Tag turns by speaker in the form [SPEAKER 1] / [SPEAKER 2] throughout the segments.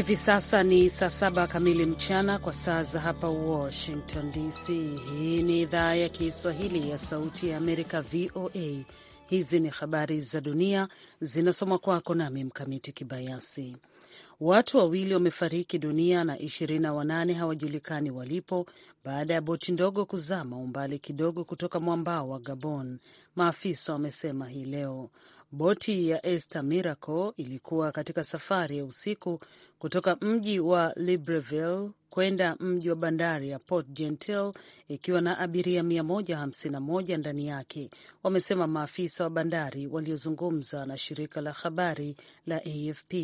[SPEAKER 1] Hivi sasa ni saa saba kamili mchana kwa saa za hapa Washington DC. Hii ni idhaa ya Kiswahili ya Sauti ya Amerika, VOA. Hizi ni habari za dunia zinasoma kwako nami Mkamiti Kibayasi. Watu wawili wamefariki dunia na 28 hawajulikani walipo baada ya boti ndogo kuzama umbali kidogo kutoka mwambao wa Gabon, maafisa wamesema hii leo. Boti ya Esther Miracle ilikuwa katika safari ya usiku kutoka mji wa Libreville kwenda mji wa bandari ya Port Gentil ikiwa na abiria 151 ndani yake, wamesema maafisa wa bandari waliozungumza na shirika la habari la AFP.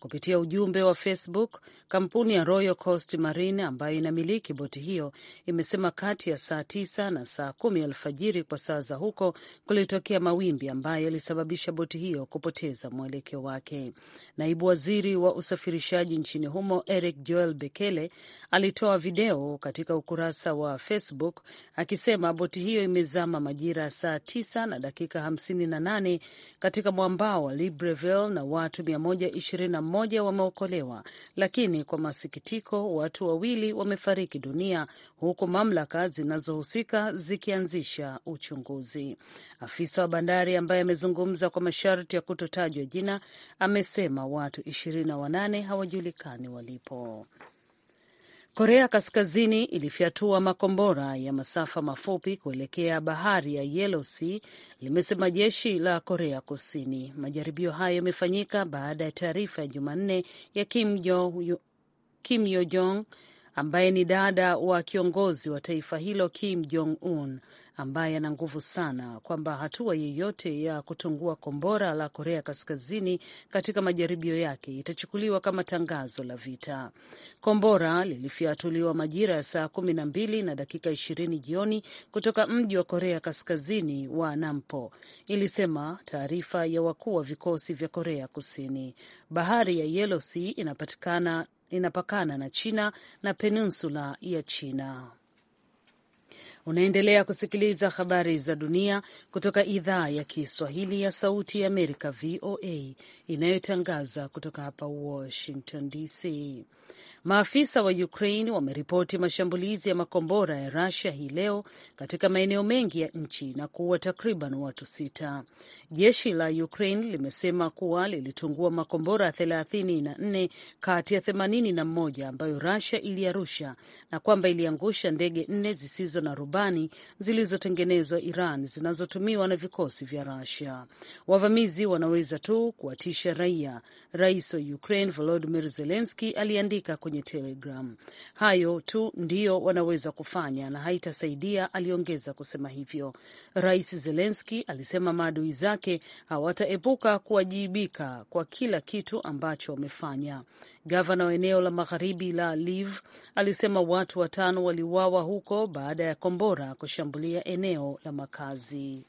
[SPEAKER 1] Kupitia ujumbe wa Facebook, kampuni ya Royal Coast Marine ambayo inamiliki boti hiyo imesema kati ya saa 9 na saa kumi alfajiri kwa saa za huko kulitokea mawimbi ambayo yalisababisha boti hiyo kupoteza mwelekeo wake. Naibu waziri wa usafirishaji nchini humo Eric Joel Bekele Alitoa video katika ukurasa wa Facebook akisema boti hiyo imezama majira ya saa 9 na dakika 58 katika mwambao wa Libreville na watu 121 wameokolewa, lakini kwa masikitiko watu wawili wamefariki dunia, huku mamlaka zinazohusika zikianzisha uchunguzi. Afisa wa bandari ambaye amezungumza kwa masharti ya kutotajwa jina amesema watu 28 hawajulikani walipo. Korea Kaskazini ilifyatua makombora ya masafa mafupi kuelekea bahari ya Yellow Sea, limesema jeshi la Korea Kusini. Majaribio hayo yamefanyika baada ya taarifa ya Jumanne ya Kim Yo Jong ambaye ni dada wa kiongozi wa taifa hilo Kim Jong Un ambaye ana nguvu sana, kwamba hatua yeyote ya kutungua kombora la Korea Kaskazini katika majaribio yake itachukuliwa kama tangazo la vita. Kombora lilifyatuliwa majira ya saa kumi na mbili na dakika ishirini jioni kutoka mji wa Korea Kaskazini wa Nampo, ilisema taarifa ya wakuu wa vikosi vya Korea Kusini. Bahari ya Yellow Sea inapatikana linapakana na China na peninsula ya China. Unaendelea kusikiliza habari za dunia kutoka idhaa ya Kiswahili ya Sauti ya Amerika, VOA, inayotangaza kutoka hapa Washington DC. Maafisa wa Ukraine wameripoti mashambulizi ya makombora ya Russia hii leo katika maeneo mengi ya nchi na kuua takriban watu sita. Jeshi la Ukraine limesema kuwa lilitungua makombora 34 kati ya 81 ambayo Russia iliarusha na kwamba iliangusha ndege nne zisizo na rubani zilizotengenezwa Iran zinazotumiwa na vikosi vya Russia. Wavamizi wanaweza tu kuwatisha raia, rais wa Ukraine Volodymyr Zelensky aliandika kwenye Telegram. Hayo tu ndiyo wanaweza kufanya na haitasaidia, aliongeza kusema hivyo. Rais Zelenski alisema maadui zake hawataepuka kuwajibika kwa kila kitu ambacho wamefanya. Gavana wa eneo la magharibi la Liv alisema watu watano waliuawa huko baada ya kombora kushambulia eneo la makazi.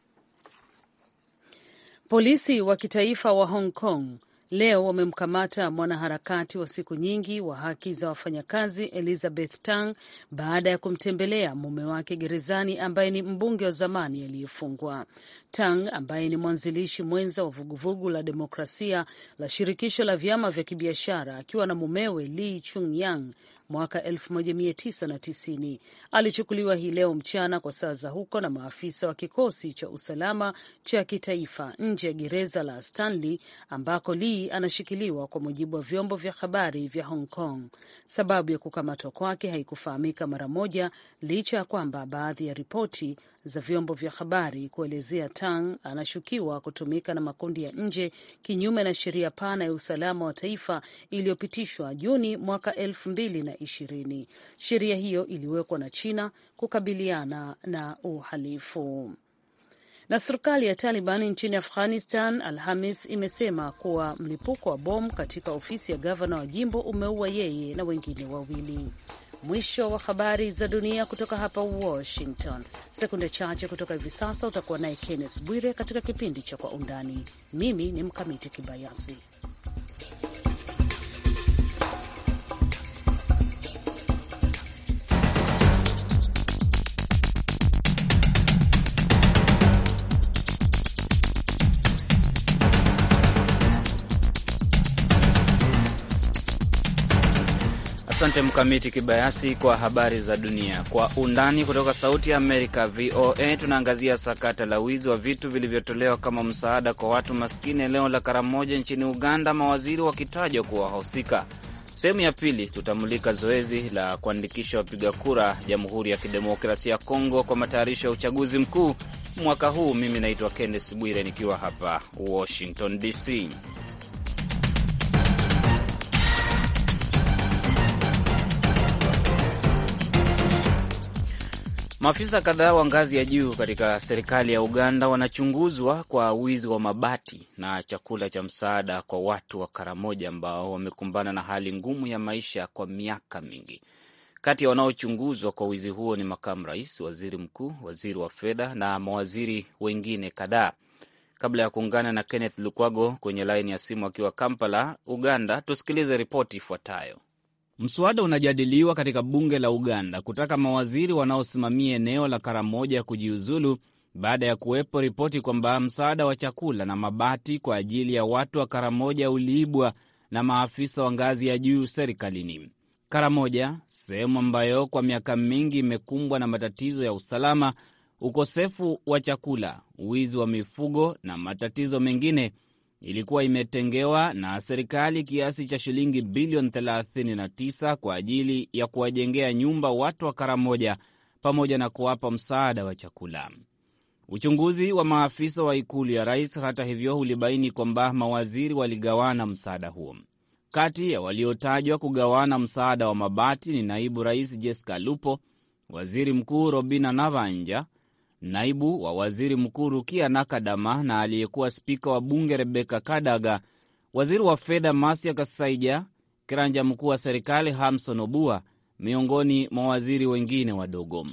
[SPEAKER 1] Polisi wa kitaifa wa Hong Kong leo wamemkamata mwanaharakati wa siku nyingi wa haki za wafanyakazi Elizabeth Tang baada ya kumtembelea mume wake gerezani ambaye ni mbunge wa zamani aliyefungwa. Tang ambaye ni mwanzilishi mwenza wa vuguvugu la demokrasia la shirikisho la vyama vya kibiashara akiwa na mumewe Li Chung Yang mwaka 1990 alichukuliwa hii leo mchana kwa saa za huko na maafisa wa kikosi cha usalama cha kitaifa nje ya gereza la Stanley ambako Lee anashikiliwa, kwa mujibu wa vyombo vya habari vya Hong Kong. Sababu ya kukamatwa kwake haikufahamika mara moja, licha ya kwamba baadhi ya ripoti za vyombo vya habari kuelezea Tang anashukiwa kutumika na makundi ya nje kinyume na sheria pana ya usalama wa taifa iliyopitishwa Juni mwaka elfu mbili na ishirini. Sheria hiyo iliwekwa na China kukabiliana na uhalifu na serikali ya Taliban nchini Afghanistan Alhamis imesema kuwa mlipuko wa bomu katika ofisi ya gavana wa jimbo umeua yeye na wengine wawili. Mwisho wa habari za dunia kutoka hapa Washington. Sekunde chache kutoka hivi sasa utakuwa naye Kenneth Bwire katika kipindi cha Kwa Undani. Mimi ni Mkamiti Kibayasi.
[SPEAKER 2] Asante Mkamiti Kibayasi kwa habari za dunia kwa undani kutoka Sauti ya Amerika, VOA. Tunaangazia sakata la wizi wa vitu vilivyotolewa kama msaada kwa watu maskini eneo la Karamoja nchini Uganda, mawaziri wakitajwa kuwa wahusika. Sehemu ya pili tutamulika zoezi la kuandikisha wapiga kura Jamhuri ya Kidemokrasia ya Kongo kwa matayarisho ya uchaguzi mkuu mwaka huu. Mimi naitwa Kenneth Bwire nikiwa hapa Washington DC. Maafisa kadhaa wa ngazi ya juu katika serikali ya Uganda wanachunguzwa kwa wizi wa mabati na chakula cha msaada kwa watu wa Karamoja ambao wamekumbana na hali ngumu ya maisha kwa miaka mingi. Kati ya wanaochunguzwa kwa wizi huo ni makamu rais, waziri mkuu, waziri wa fedha na mawaziri wengine kadhaa. Kabla ya kuungana na Kenneth Lukwago kwenye laini ya simu akiwa Kampala, Uganda, tusikilize ripoti ifuatayo. Mswada unajadiliwa katika bunge la Uganda kutaka mawaziri wanaosimamia eneo la Karamoja kujiuzulu baada ya kuwepo ripoti kwamba msaada wa chakula na mabati kwa ajili ya watu wa Karamoja uliibwa na maafisa wa ngazi ya juu serikalini. Karamoja, sehemu ambayo kwa miaka mingi imekumbwa na matatizo ya usalama, ukosefu wa chakula, wizi wa mifugo na matatizo mengine ilikuwa imetengewa na serikali kiasi cha shilingi bilioni 39 kwa ajili ya kuwajengea nyumba watu wa Karamoja pamoja na kuwapa msaada wa chakula. Uchunguzi wa maafisa wa ikulu ya rais, hata hivyo, ulibaini kwamba mawaziri waligawana msaada huo. Kati ya waliotajwa kugawana msaada wa mabati ni naibu rais Jessica Lupo, waziri mkuu Robina Navanja naibu wa waziri mkuu Rukia Nakadama na aliyekuwa spika wa bunge Rebeka Kadaga, waziri wa fedha Masia Kasaija, kiranja mkuu wa serikali Hamson Obua, miongoni mwa waziri wengine wadogo.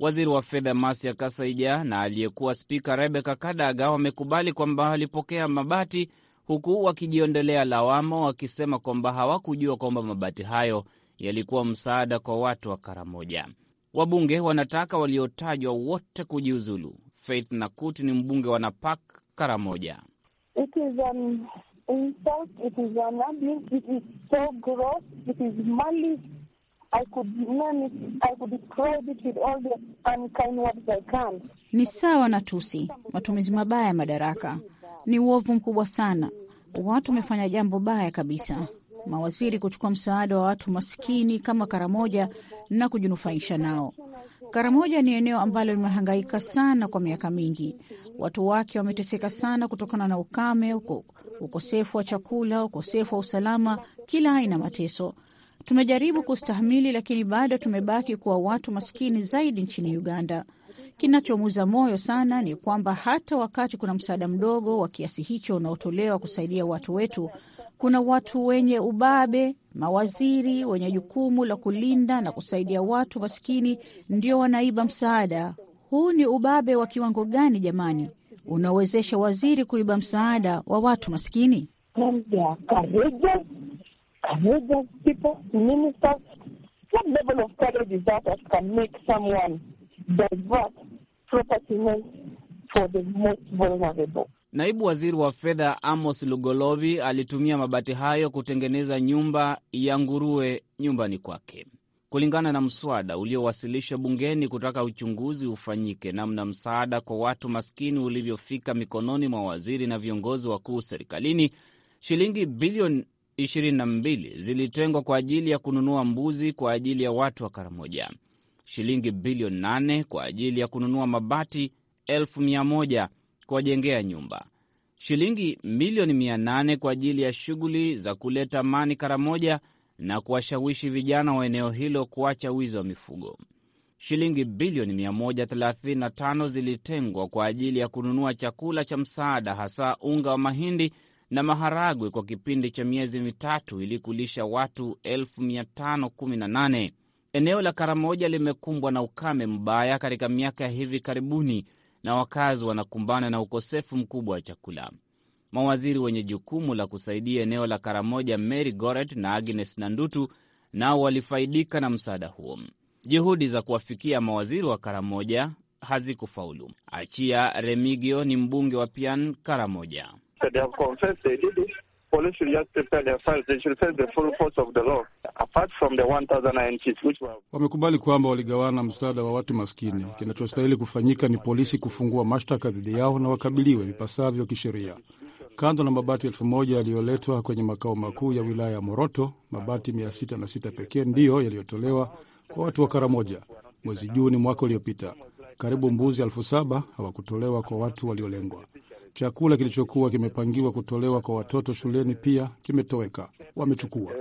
[SPEAKER 2] Waziri wa fedha Masia Kasaija na aliyekuwa spika Rebeka Kadaga wamekubali kwamba walipokea mabati, huku wakijiondelea lawama, wakisema kwamba hawakujua kwamba mabati hayo yalikuwa msaada kwa watu wa Karamoja. Wabunge wanataka waliotajwa wote kujiuzulu. Faith Nakut ni mbunge wa Napak Karamoja.
[SPEAKER 1] Ni sawa na tusi, matumizi mabaya ya madaraka. Ni uovu mkubwa sana. Watu wamefanya jambo baya kabisa mawaziri kuchukua msaada wa watu maskini kama Karamoja na kujinufaisha nao. Karamoja ni eneo ambalo limehangaika sana kwa miaka mingi. Watu wake wameteseka sana kutokana na ukame, ukosefu wa chakula, ukosefu wa usalama, kila aina mateso. Tumejaribu kustahimili, lakini bado tumebaki kuwa watu maskini zaidi nchini Uganda. Kinachomuuza moyo sana ni kwamba hata wakati kuna msaada mdogo wa kiasi hicho unaotolewa kusaidia watu wetu, kuna watu wenye ubabe, mawaziri wenye jukumu la kulinda na kusaidia watu maskini ndio wanaiba msaada. Huu ni ubabe wa kiwango gani jamani, unaowezesha waziri kuiba msaada wa watu maskini?
[SPEAKER 3] for the most vulnerable.
[SPEAKER 2] Naibu waziri wa fedha Amos Lugolobi alitumia mabati hayo kutengeneza nyumba ya nguruwe nyumbani kwake. Kulingana na mswada uliowasilishwa bungeni kutaka uchunguzi ufanyike namna msaada kwa watu maskini ulivyofika mikononi mwa waziri na viongozi wakuu serikalini, shilingi bilioni 22 zilitengwa kwa ajili ya kununua mbuzi kwa ajili ya watu wa Karamoja shilingi bilioni 8 kwa ajili ya kununua mabati elfu mia moja kuwajengea nyumba, shilingi milioni mia kwa ajili ya shughuli za kuleta amani Karamoja na kuwashawishi vijana wa eneo hilo kuacha wizi wa mifugo. Shilingi bilioni 135 zilitengwa kwa ajili ya kununua chakula cha msaada, hasa unga wa mahindi na maharagwe kwa kipindi cha miezi mitatu ili kulisha watu 518 Eneo la Karamoja limekumbwa na ukame mbaya katika miaka ya hivi karibuni, na wakazi wanakumbana na ukosefu mkubwa wa chakula. Mawaziri wenye jukumu la kusaidia eneo la Karamoja, Mary Goret na Agnes Nandutu, nao walifaidika na msaada huo. Juhudi za kuwafikia mawaziri wa Karamoja hazikufaulu. Achia Remigio ni mbunge wa Pian Karamoja
[SPEAKER 4] police should just prepare their files. They should face the full force of the law apart from the 1000 INCs, which were... Wamekubali kwamba waligawana msaada wa watu maskini. Kinachostahili kufanyika ni polisi kufungua mashtaka dhidi yao na wakabiliwe vipasavyo kisheria. Kando na mabati elfu moja yaliyoletwa kwenye makao makuu ya wilaya ya Moroto, mabati mia sita na sita pekee ndiyo yaliyotolewa kwa watu wa Karamoja mwezi Juni mwaka uliopita. Karibu mbuzi elfu saba hawakutolewa kwa watu waliolengwa. Chakula kilichokuwa kimepangiwa kutolewa kwa watoto shuleni pia kimetoweka, wamechukua.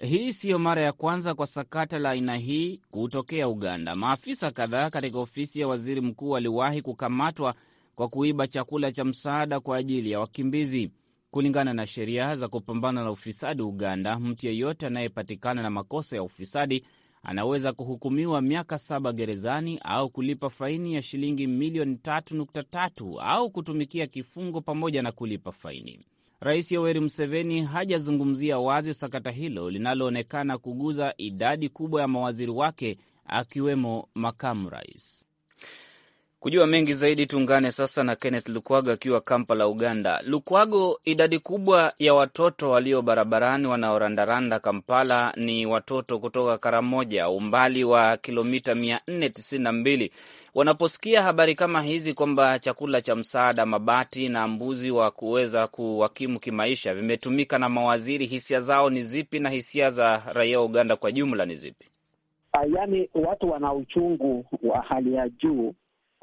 [SPEAKER 2] Eh, hii siyo mara ya kwanza kwa sakata la aina hii kutokea Uganda. Maafisa kadhaa katika ofisi ya waziri mkuu waliwahi kukamatwa kwa kuiba chakula cha msaada kwa ajili ya wakimbizi. Kulingana na sheria za kupambana na ufisadi Uganda, mtu yeyote anayepatikana na makosa ya ufisadi anaweza kuhukumiwa miaka saba gerezani au kulipa faini ya shilingi milioni 3.3 au kutumikia kifungo pamoja na kulipa faini. Rais Yoweri Museveni hajazungumzia wazi sakata hilo linaloonekana kuguza idadi kubwa ya mawaziri wake akiwemo makamu rais. Kujua mengi zaidi, tuungane sasa na Kenneth Lukwago akiwa Kampala, Uganda. Lukwago, idadi kubwa ya watoto walio barabarani wanaorandaranda Kampala ni watoto kutoka Karamoja, umbali wa kilomita 492. Wanaposikia habari kama hizi kwamba chakula cha msaada, mabati na mbuzi wa kuweza kuwakimu kimaisha vimetumika na mawaziri, hisia zao ni zipi na hisia za raia wa Uganda kwa jumla ni zipi?
[SPEAKER 3] Yaani watu wana uchungu wa hali ya juu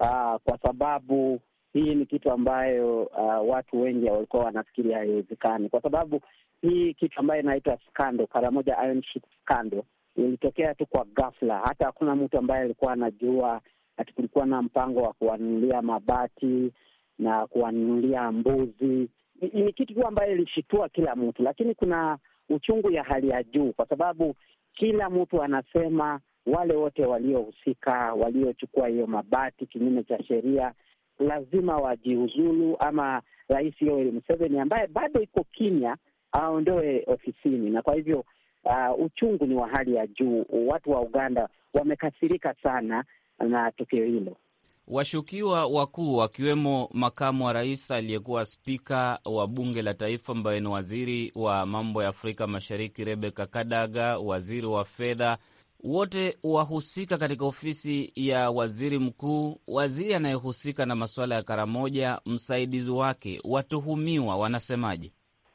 [SPEAKER 3] aa, ah, kwa sababu hii ni kitu ambayo uh, watu wengi walikuwa wanafikiria haiwezekani, kwa sababu hii kitu ambayo inaitwa skando, Karamoja Iron Sheik skando ilitokea tu kwa ghafla, hata hakuna mtu ambaye alikuwa anajua ati kulikuwa na mpango wa kuwanunulia mabati na kuwanunulia mbuzi. Ni kitu tu ambayo ilishitua kila mtu, lakini kuna uchungu ya hali ya juu, kwa sababu kila mtu anasema wale wote waliohusika, waliochukua hiyo mabati kinyume cha sheria lazima wajiuzulu, ama Rais Yoweri Museveni ambaye bado iko kimya aondoe ofisini. Na kwa hivyo uh, uchungu ni wa hali ya juu. Watu wa Uganda wamekasirika sana na tukio hilo.
[SPEAKER 2] Washukiwa wakuu wakiwemo makamu wa rais, aliyekuwa spika wa bunge la taifa ambaye ni waziri wa mambo ya Afrika Mashariki rebeka Kadaga, waziri wa fedha wote wahusika katika ofisi ya waziri mkuu, waziri anayehusika na masuala ya Karamoja, msaidizi wake, watuhumiwa wanasemaje?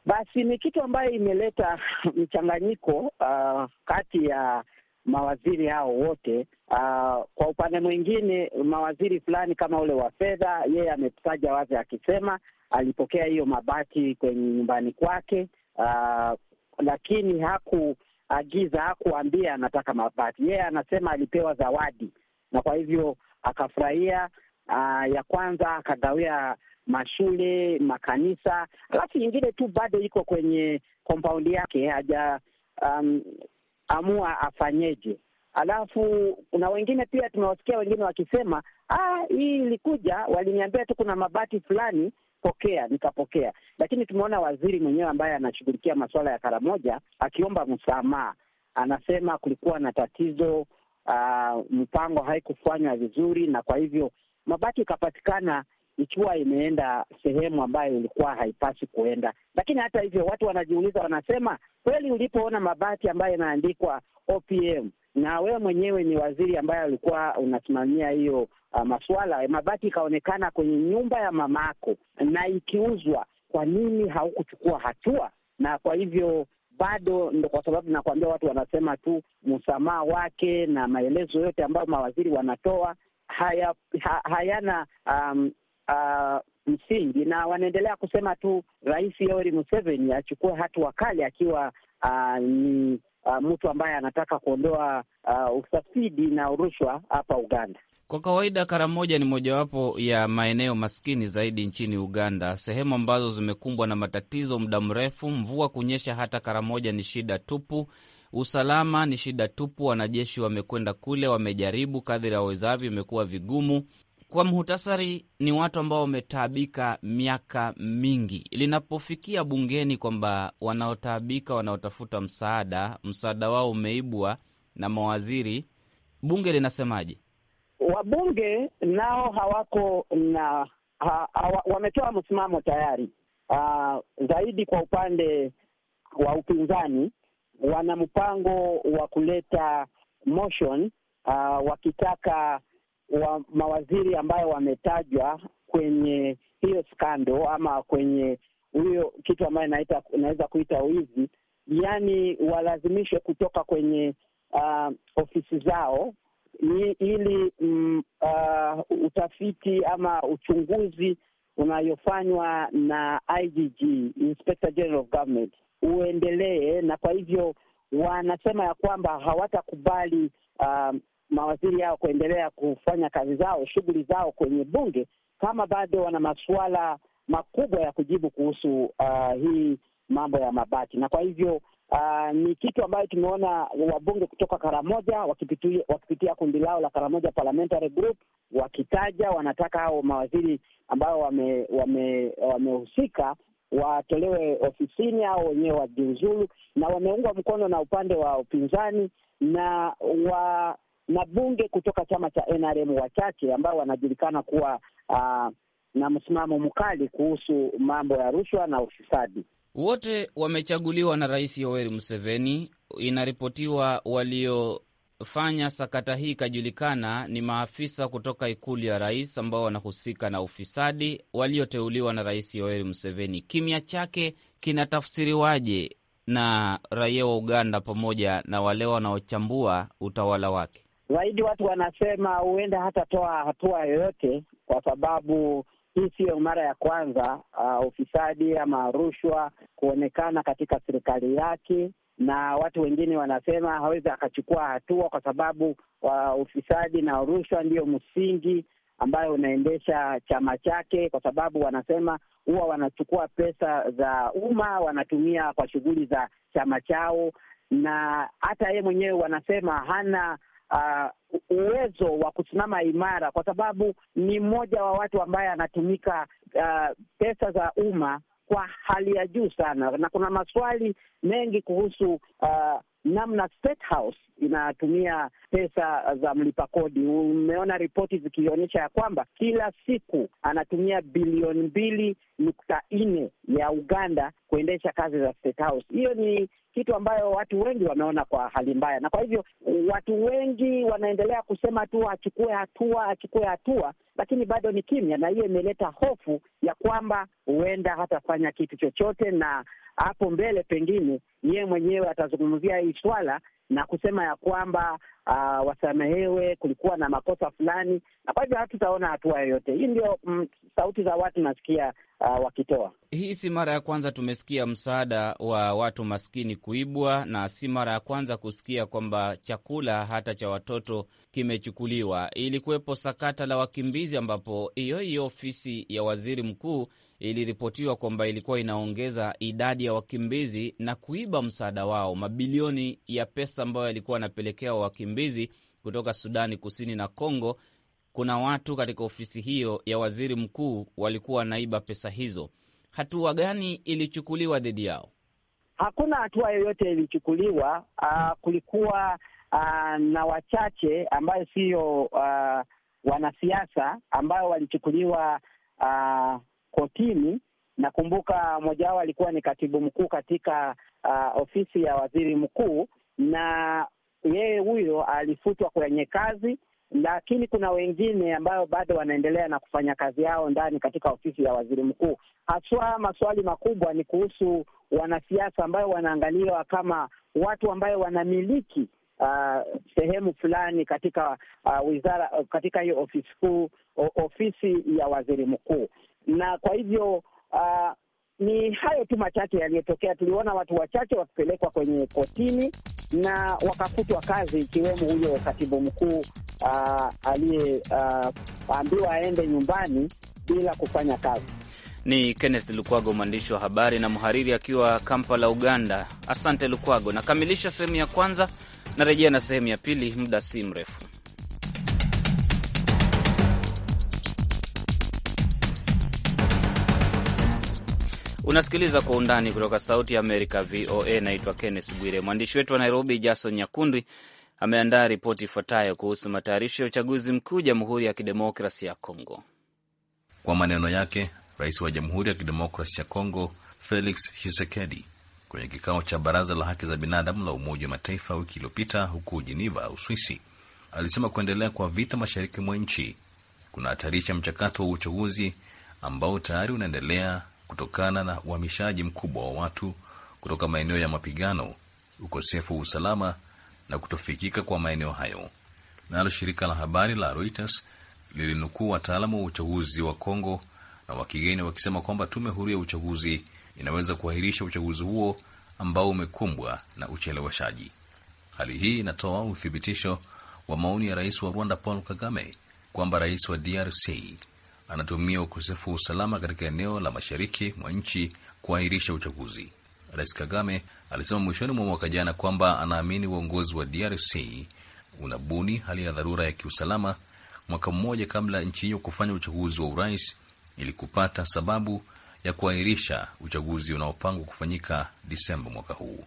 [SPEAKER 3] Basi ni kitu ambayo imeleta mchanganyiko uh, kati ya mawaziri hao wote uh, kwa upande mwingine, mawaziri fulani kama ule wa fedha, yeye ametaja wazi akisema alipokea hiyo mabati kwenye nyumbani kwake, uh, lakini haku agiza, uh, hakuambia anataka mabati. Yeye yeah, anasema alipewa zawadi, na kwa hivyo akafurahia. Uh, ya kwanza akagawia mashule, makanisa, alafu nyingine tu bado iko kwenye kompaundi yake, haja um, amua afanyeje. Alafu kuna wengine pia tumewasikia wengine wakisema ah, hii ilikuja, waliniambia tu kuna mabati fulani pokea nikapokea, lakini tumeona waziri mwenyewe ambaye anashughulikia masuala ya Karamoja akiomba msamaha, anasema kulikuwa na tatizo uh, mpango haikufanywa vizuri, na kwa hivyo mabaki ikapatikana ikiwa imeenda sehemu ambayo ilikuwa haipasi kuenda. Lakini hata hivyo, watu wanajiuliza, wanasema kweli, ulipoona mabati ambayo inaandikwa OPM na wewe mwenyewe ni waziri ambaye ulikuwa unasimamia hiyo uh, masuala ya eh, mabati ikaonekana kwenye nyumba ya mamako na ikiuzwa, kwa nini haukuchukua hatua? Na kwa hivyo bado ndo, kwa sababu nakuambia, watu wanasema tu msamaha wake na maelezo yote ambayo mawaziri wanatoa haya, ha, hayana um, uh, msingi na wanaendelea kusema tu Rais Yoweri Museveni achukue hatua kali akiwa uh, ni uh, mtu ambaye anataka kuondoa uh, ufisadi na rushwa hapa Uganda.
[SPEAKER 2] Kwa kawaida Karamoja ni mojawapo ya maeneo maskini zaidi nchini Uganda, sehemu ambazo zimekumbwa na matatizo muda mrefu. Mvua kunyesha hata Karamoja ni shida tupu, usalama ni shida tupu. Wanajeshi wamekwenda kule, wamejaribu kadhiri wawezavyo, imekuwa vigumu. Kwa muhtasari, ni watu ambao wametaabika miaka mingi. Linapofikia bungeni kwamba wanaotaabika, wanaotafuta msaada, msaada wao umeibwa na mawaziri, bunge linasemaje?
[SPEAKER 3] Wabunge nao hawako na ha, ha, wametoa msimamo tayari uh, zaidi kwa upande wa upinzani wana mpango wa kuleta motion uh, wakitaka wa mawaziri ambayo wametajwa kwenye hiyo skando ama kwenye huyo kitu ambayo inaweza kuita wizi, yaani walazimishwe kutoka kwenye uh, ofisi zao ili mm, uh, utafiti ama uchunguzi unayofanywa na IGG, Inspector General of Government, uendelee. Na kwa hivyo wanasema ya kwamba hawatakubali uh, mawaziri yao kuendelea kufanya kazi zao, shughuli zao kwenye bunge kama bado wana masuala makubwa ya kujibu kuhusu uh, hii mambo ya mabati, na kwa hivyo Uh, ni kitu ambayo tumeona wabunge kutoka Karamoja wakipitia, wakipitia kundi lao la Karamoja Parliamentary Group wakitaja wanataka hao mawaziri ambao wamehusika wame, wame watolewe ofisini au wenyewe wajiuzulu, na wameungwa mkono na upande wa upinzani na wa na bunge kutoka chama cha NRM wachache ambao wanajulikana kuwa uh, na msimamo mkali kuhusu mambo ya rushwa na ufisadi.
[SPEAKER 2] Wote wamechaguliwa na Rais Yoweri Museveni. Inaripotiwa waliofanya sakata hii ikajulikana ni maafisa kutoka ikulu ya rais ambao wanahusika na ufisadi walioteuliwa na Rais Yoweri Museveni. Kimya chake kinatafsiriwaje na raia wa Uganda pamoja na wale wanaochambua utawala wake?
[SPEAKER 3] Zaidi watu wanasema huenda hatatoa hatua yoyote kwa sababu hii siyo mara ya kwanza uh, ufisadi ama rushwa kuonekana katika serikali yake, na watu wengine wanasema hawezi akachukua hatua kwa sababu wa uh, ufisadi na rushwa ndiyo msingi ambayo unaendesha chama chake, kwa sababu wanasema huwa wanachukua pesa za umma wanatumia kwa shughuli za chama chao, na hata yeye mwenyewe wanasema hana uh, uwezo wa kusimama imara, kwa sababu ni mmoja wa watu ambaye anatumika uh, pesa za umma kwa hali ya juu sana, na kuna maswali mengi kuhusu uh, namna State House inatumia pesa za mlipa kodi. Umeona ripoti zikionyesha ya kwamba kila siku anatumia bilioni mbili nukta nne ya Uganda kuendesha kazi za State House. Hiyo ni kitu ambayo watu wengi wameona kwa hali mbaya, na kwa hivyo watu wengi wanaendelea kusema tu achukue hatua, achukue hatua, lakini bado ni kimya, na hiyo imeleta hofu ya kwamba huenda hatafanya kitu chochote na hapo mbele pengine yeye mwenyewe atazungumzia hii swala na kusema ya kwamba uh, wasamehewe, kulikuwa na makosa fulani, na kwa hivyo hatutaona hatua yoyote. Hii ndio mm, sauti za watu nasikia uh, wakitoa.
[SPEAKER 2] Hii si mara ya kwanza tumesikia msaada wa watu maskini kuibwa, na si mara ya kwanza kusikia kwamba chakula hata cha watoto kimechukuliwa. Ilikuwepo sakata la wakimbizi, ambapo hiyo hiyo ofisi ya waziri mkuu iliripotiwa kwamba ilikuwa inaongeza idadi ya wakimbizi na kuiba msaada wao, mabilioni ya pesa ambayo yalikuwa anapelekea wakimbizi wakimbizi kutoka Sudani Kusini na congo Kuna watu katika ofisi hiyo ya waziri mkuu walikuwa wanaiba pesa hizo. Hatua gani ilichukuliwa dhidi yao?
[SPEAKER 3] Hakuna hatua yoyote ilichukuliwa. Uh, kulikuwa uh, na wachache ambayo siyo uh, wanasiasa ambayo walichukuliwa uh, kotini. Nakumbuka mmoja wao alikuwa ni katibu mkuu katika uh, ofisi ya waziri mkuu, na yeye huyo alifutwa kwenye kazi, lakini kuna wengine ambayo bado wanaendelea na kufanya kazi yao ndani katika ofisi ya waziri mkuu. Haswa maswali makubwa ni kuhusu wanasiasa ambayo wanaangaliwa kama watu ambayo wanamiliki Uh, sehemu fulani katika uh, wizara katika hiyo ofisi kuu ofisi ya waziri mkuu. Na kwa hivyo uh, ni hayo tu machache yaliyotokea. Tuliona watu wachache wakipelekwa kwenye kotini na wakafutwa kazi, ikiwemo huyo katibu mkuu ah, aliyeambiwa ah, aende nyumbani bila kufanya kazi.
[SPEAKER 2] Ni Kenneth Lukwago, mwandishi wa habari na mhariri akiwa Kampala, Uganda. Asante Lukwago. Nakamilisha sehemu ya kwanza, narejea na sehemu ya pili muda si mrefu. Unasikiliza Kwa Undani kutoka Sauti ya Amerika, VOA. Naitwa Kenneth Bwire. Mwandishi wetu wa Nairobi, Jason Nyakundi, ameandaa ripoti ifuatayo kuhusu matayarisho ya uchaguzi mkuu Jamhuri ya Kidemokrasi ya Kongo.
[SPEAKER 5] Kwa maneno yake, rais wa Jamhuri ya Kidemokrasi ya Kongo Felix Tshisekedi kwenye kikao cha Baraza la Haki za Binadamu la Umoja wa Mataifa wiki iliyopita huku Jiniva, Uswisi, alisema kuendelea kwa vita mashariki mwa nchi kunahatarisha mchakato wa uchaguzi ambao tayari unaendelea kutokana na uhamishaji mkubwa wa watu kutoka maeneo ya mapigano, ukosefu wa usalama na kutofikika kwa maeneo hayo. Nalo shirika la habari la Reuters lilinukuu wataalamu wa uchaguzi wa Kongo na wa kigeni wakisema kwamba tume huru ya uchaguzi inaweza kuahirisha uchaguzi huo ambao umekumbwa na ucheleweshaji. Hali hii inatoa uthibitisho wa maoni ya rais wa Rwanda Paul Kagame kwamba rais wa DRC anatumia ukosefu wa usalama katika eneo la mashariki mwa nchi kuahirisha uchaguzi. Rais Kagame alisema mwishoni mwa mwaka jana kwamba anaamini uongozi wa DRC unabuni hali ya dharura ya kiusalama mwaka mmoja kabla nchi hiyo kufanya uchaguzi wa urais ili kupata sababu ya kuahirisha uchaguzi unaopangwa kufanyika Disemba mwaka huu.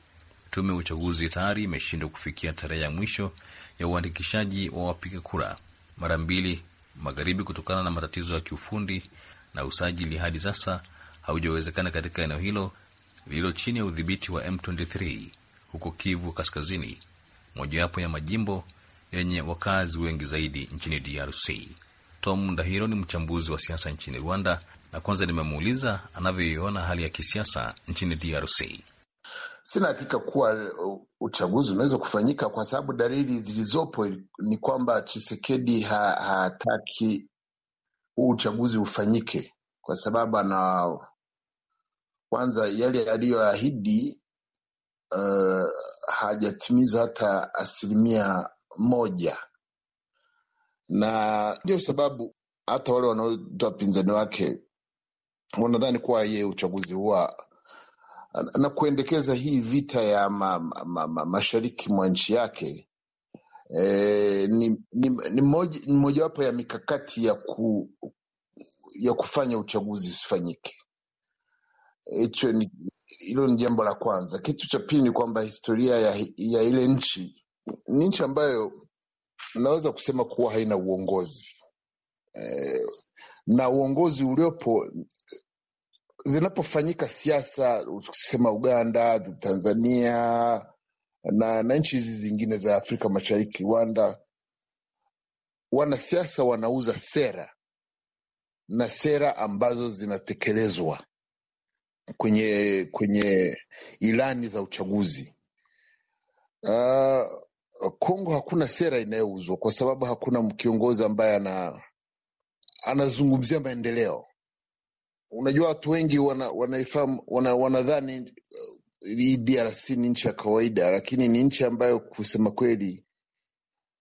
[SPEAKER 5] Tume ya uchaguzi tayari imeshindwa kufikia tarehe ya mwisho ya uandikishaji wa wapiga kura mara mbili magharibi kutokana na matatizo ya kiufundi na usajili hadi sasa haujawezekana katika eneo hilo lililo chini ya udhibiti wa M23 huko Kivu Kaskazini, mojawapo ya majimbo yenye wakazi wengi zaidi nchini DRC. Tom Ndahiro ni mchambuzi wa siasa nchini Rwanda, na kwanza nimemuuliza anavyoiona hali ya kisiasa nchini DRC.
[SPEAKER 4] Sina hakika kuwa uh, uchaguzi unaweza kufanyika kwa sababu dalili zilizopo ni kwamba Chisekedi hataki huu uchaguzi ufanyike, kwa sababu ana kwanza yale aliyoahidi uh, hajatimiza hata asilimia moja, na ndio sababu hata wale wanaotoa pinzani wake wanadhani kuwa yeye uchaguzi huwa na kuendekeza hii vita ya ma, ma, ma, ma, mashariki mwa nchi yake e, ni, ni, ni mojawapo ya mikakati ya, ku, ya kufanya uchaguzi usifanyike. Hicho ni hilo ni jambo la kwanza. Kitu cha pili ni kwamba historia ya, ya ile nchi ni nchi ambayo naweza kusema kuwa haina uongozi e, na uongozi uliopo zinapofanyika siasa, ukisema Uganda, Tanzania na, na nchi hizi zingine za Afrika Mashariki, Rwanda, wanasiasa wanauza sera na sera ambazo zinatekelezwa kwenye kwenye ilani za uchaguzi. Uh, Kongo hakuna sera inayouzwa kwa sababu hakuna kiongozi ambaye ana anazungumzia maendeleo unajua watu wengi wanaifahamu wana wanadhani wana uh, hii uh, DRC ni nchi ya kawaida, lakini ni nchi ambayo kusema kweli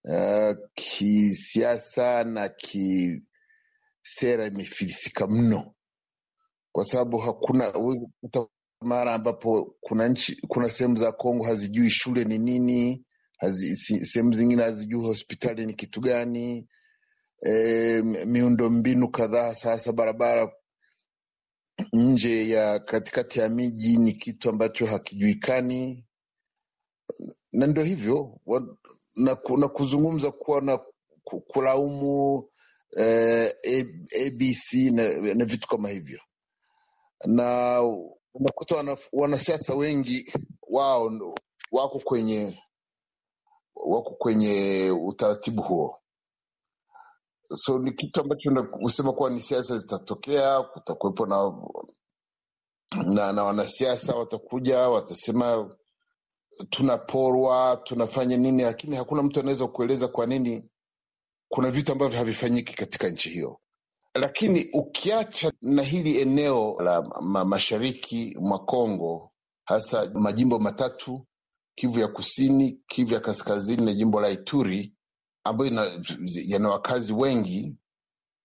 [SPEAKER 4] uh, kisiasa na kisera imefilisika mno, kwa sababu hakuna mara ambapo kuna nchi kuna sehemu za Kongo hazijui shule ni nini, sehemu zingine hazijui hospitali ni kitu gani, e, eh, miundo mbinu kadhaa, sasa barabara nje ya katikati ya miji ni kitu ambacho hakijuikani, na ndio hivyo na, na kuzungumza kuwa na kulaumu eh, ABC na, na vitu kama hivyo, na unakuta wanasiasa wengi wao wako kwenye wako kwenye utaratibu huo So ni kitu ambacho kusema kuwa ni siasa zitatokea, kutakuwepo na, na, na wanasiasa watakuja watasema tunaporwa tunafanya nini, lakini hakuna mtu anaweza kueleza kwa nini kuna vitu ambavyo havifanyiki katika nchi hiyo. Lakini ukiacha na hili eneo la ma mashariki mwa Kongo, hasa majimbo matatu Kivu ya Kusini, Kivu ya Kaskazini na jimbo la Ituri, ambayo yana wakazi wengi,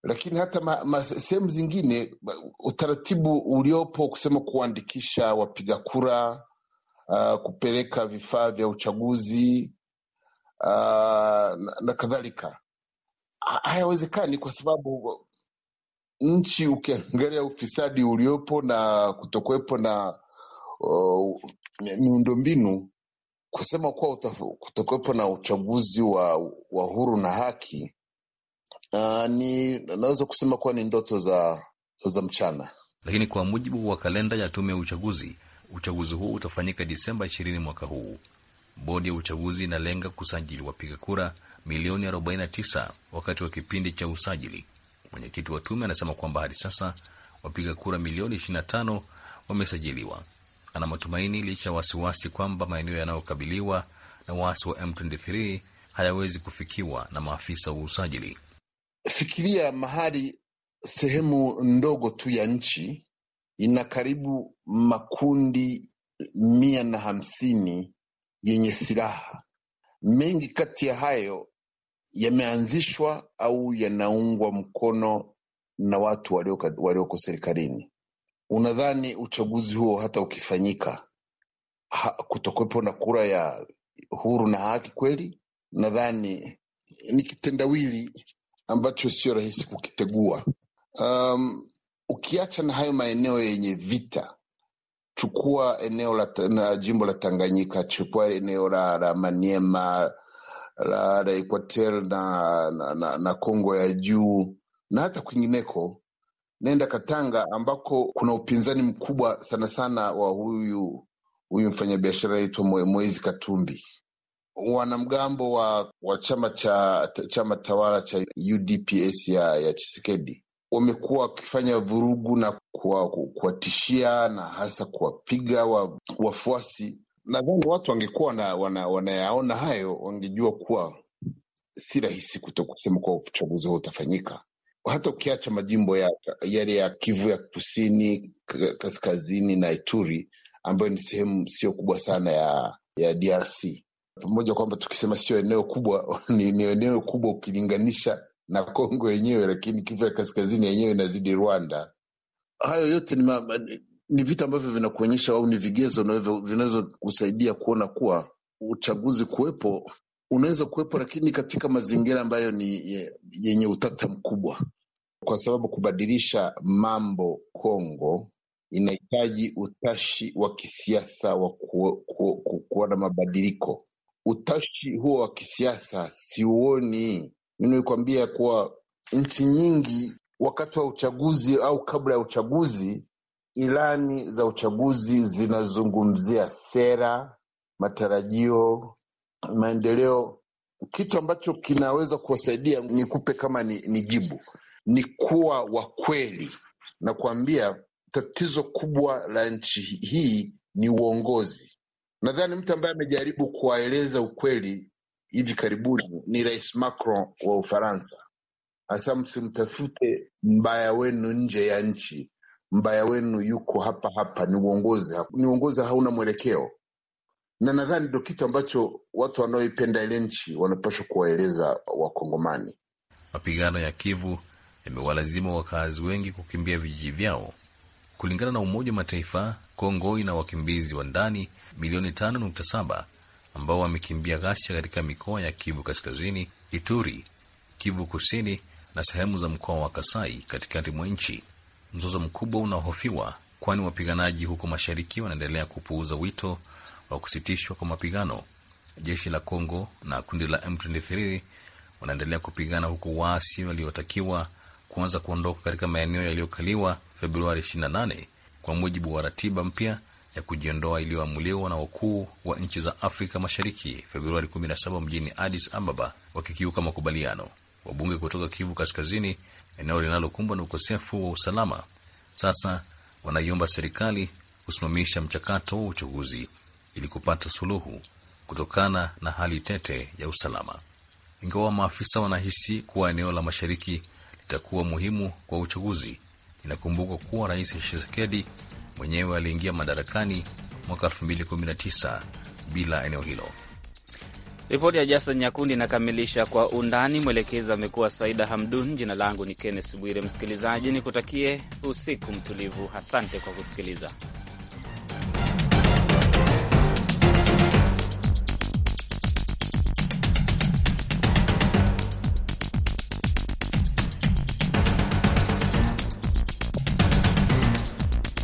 [SPEAKER 4] lakini hata sehemu zingine utaratibu uliopo kusema kuandikisha wapiga kura, uh, kupeleka vifaa vya uchaguzi uh, na, na kadhalika hayawezekani kwa sababu nchi ukiangalia ufisadi uliopo na kutokuwepo na uh, miundombinu kusema kuwa kutakuwepo na uchaguzi wa, wa huru na haki uh, ni naweza kusema kuwa ni ndoto za, za mchana,
[SPEAKER 5] lakini kwa mujibu wa kalenda ya tume ya uchaguzi, uchaguzi huu utafanyika Disemba ishirini mwaka huu. Bodi ya uchaguzi inalenga kusajili wapiga kura milioni 49 wakati wa kipindi cha usajili. Mwenyekiti wa tume anasema kwamba hadi sasa wapiga kura milioni 25 wamesajiliwa ana matumaini licha ya wasiwasi kwamba maeneo yanayokabiliwa na waasi wa M23 hayawezi kufikiwa na maafisa wa usajili.
[SPEAKER 4] Fikiria mahali sehemu ndogo tu ya nchi ina karibu makundi mia na hamsini yenye silaha. Mengi kati ya hayo yameanzishwa au yanaungwa mkono na watu walioko serikalini unadhani uchaguzi huo hata ukifanyika ha, kutokuwepo na kura ya huru na haki kweli? Nadhani ni kitendawili ambacho sio rahisi kukitegua. Um, ukiacha na hayo maeneo yenye vita, chukua eneo la na jimbo la Tanganyika, chukua eneo la, la Maniema la, la Equateur na, na, na, na Kongo ya juu na hata kwingineko Naenda Katanga ambako kuna upinzani mkubwa sana sana wa huyu huyu mfanyabiashara aitwa Moezi Katumbi. Wanamgambo wa, wa chama cha chama tawala cha UDPS ya, ya Chisekedi wamekuwa wakifanya vurugu na kuwatishia na hasa kuwapiga wafuasi. Nadhani watu wangekuwa wana, wanayaona hayo wangejua kuwa si rahisi kusema kuwa uchaguzi huo utafanyika hata ukiacha majimbo yale ya Kivu ya kusini kaskazini na Ituri ambayo ni sehemu sio kubwa sana ya, ya DRC, pamoja kwamba tukisema sio eneo kubwa ni, ni eneo kubwa ukilinganisha na Kongo yenyewe, lakini Kivu ya kaskazini yenyewe inazidi Rwanda. Hayo yote ni, ma, ni, ni vitu ambavyo vinakuonyesha au ni vigezo vinaweza kusaidia kuona kuwa uchaguzi kuwepo unaweza kuwepo, lakini katika mazingira ambayo ni yenye utata mkubwa kwa sababu kubadilisha mambo Kongo inahitaji utashi wa kisiasa wa kuona ku, ku, ku, mabadiliko. Utashi huo wa kisiasa siuoni. Mi nikuambia kuwa nchi nyingi wakati wa uchaguzi au kabla ya uchaguzi, ilani za uchaguzi zinazungumzia sera, matarajio, maendeleo. Kitu ambacho kinaweza kuwasaidia nikupe kama ni, ni jibu ni kuwa wa kweli na kuambia tatizo kubwa la nchi hii ni uongozi. Nadhani mtu ambaye amejaribu kuwaeleza ukweli hivi karibuni ni Rais Macron wa Ufaransa, hasa msimtafute mbaya wenu nje ya nchi, mbaya wenu yuko hapa hapa, ni uongozi. Ni uongozi hauna mwelekeo, na nadhani ndo kitu ambacho watu wanaoipenda ile nchi wanapaswa kuwaeleza Wakongomani.
[SPEAKER 5] Mapigano ya Kivu imewalazimu wakazi wengi kukimbia vijiji vyao. Kulingana na Umoja wa Mataifa, Kongo ina wakimbizi wa ndani milioni 5.7 ambao wamekimbia ghasia katika mikoa ya Kivu Kaskazini, Ituri, Kivu Kusini na sehemu za mkoa wa Kasai katikati mwa nchi. Mzozo mkubwa unaohofiwa, kwani wapiganaji huko mashariki wanaendelea kupuuza wito wa kusitishwa kwa mapigano. Jeshi la Kongo na kundi la M23 wanaendelea kupigana huku waasi waliotakiwa kuanza kuondoka katika maeneo yaliyokaliwa Februari 28 kwa mujibu wa ratiba mpya ya kujiondoa iliyoamuliwa na wakuu wa nchi za Afrika Mashariki Februari 17 mjini Addis Ababa, wakikiuka makubaliano. Wabunge kutoka Kivu Kaskazini, eneo linalokumbwa na ukosefu wa usalama, sasa wanaiomba serikali kusimamisha mchakato wa uchaguzi ili kupata suluhu kutokana na hali tete ya usalama. Ingawa maafisa wanahisi kuwa eneo la mashariki itakuwa muhimu kwa uchaguzi. Inakumbukwa kuwa Rais Tshisekedi mwenyewe aliingia madarakani mwaka 2019 bila eneo hilo.
[SPEAKER 2] Ripoti ya Jason Nyakundi inakamilisha Kwa Undani. Mwelekezi amekuwa Saida Hamdun. Jina langu ni Kenneth Bwire. Msikilizaji, nikutakie usiku mtulivu. Asante kwa kusikiliza.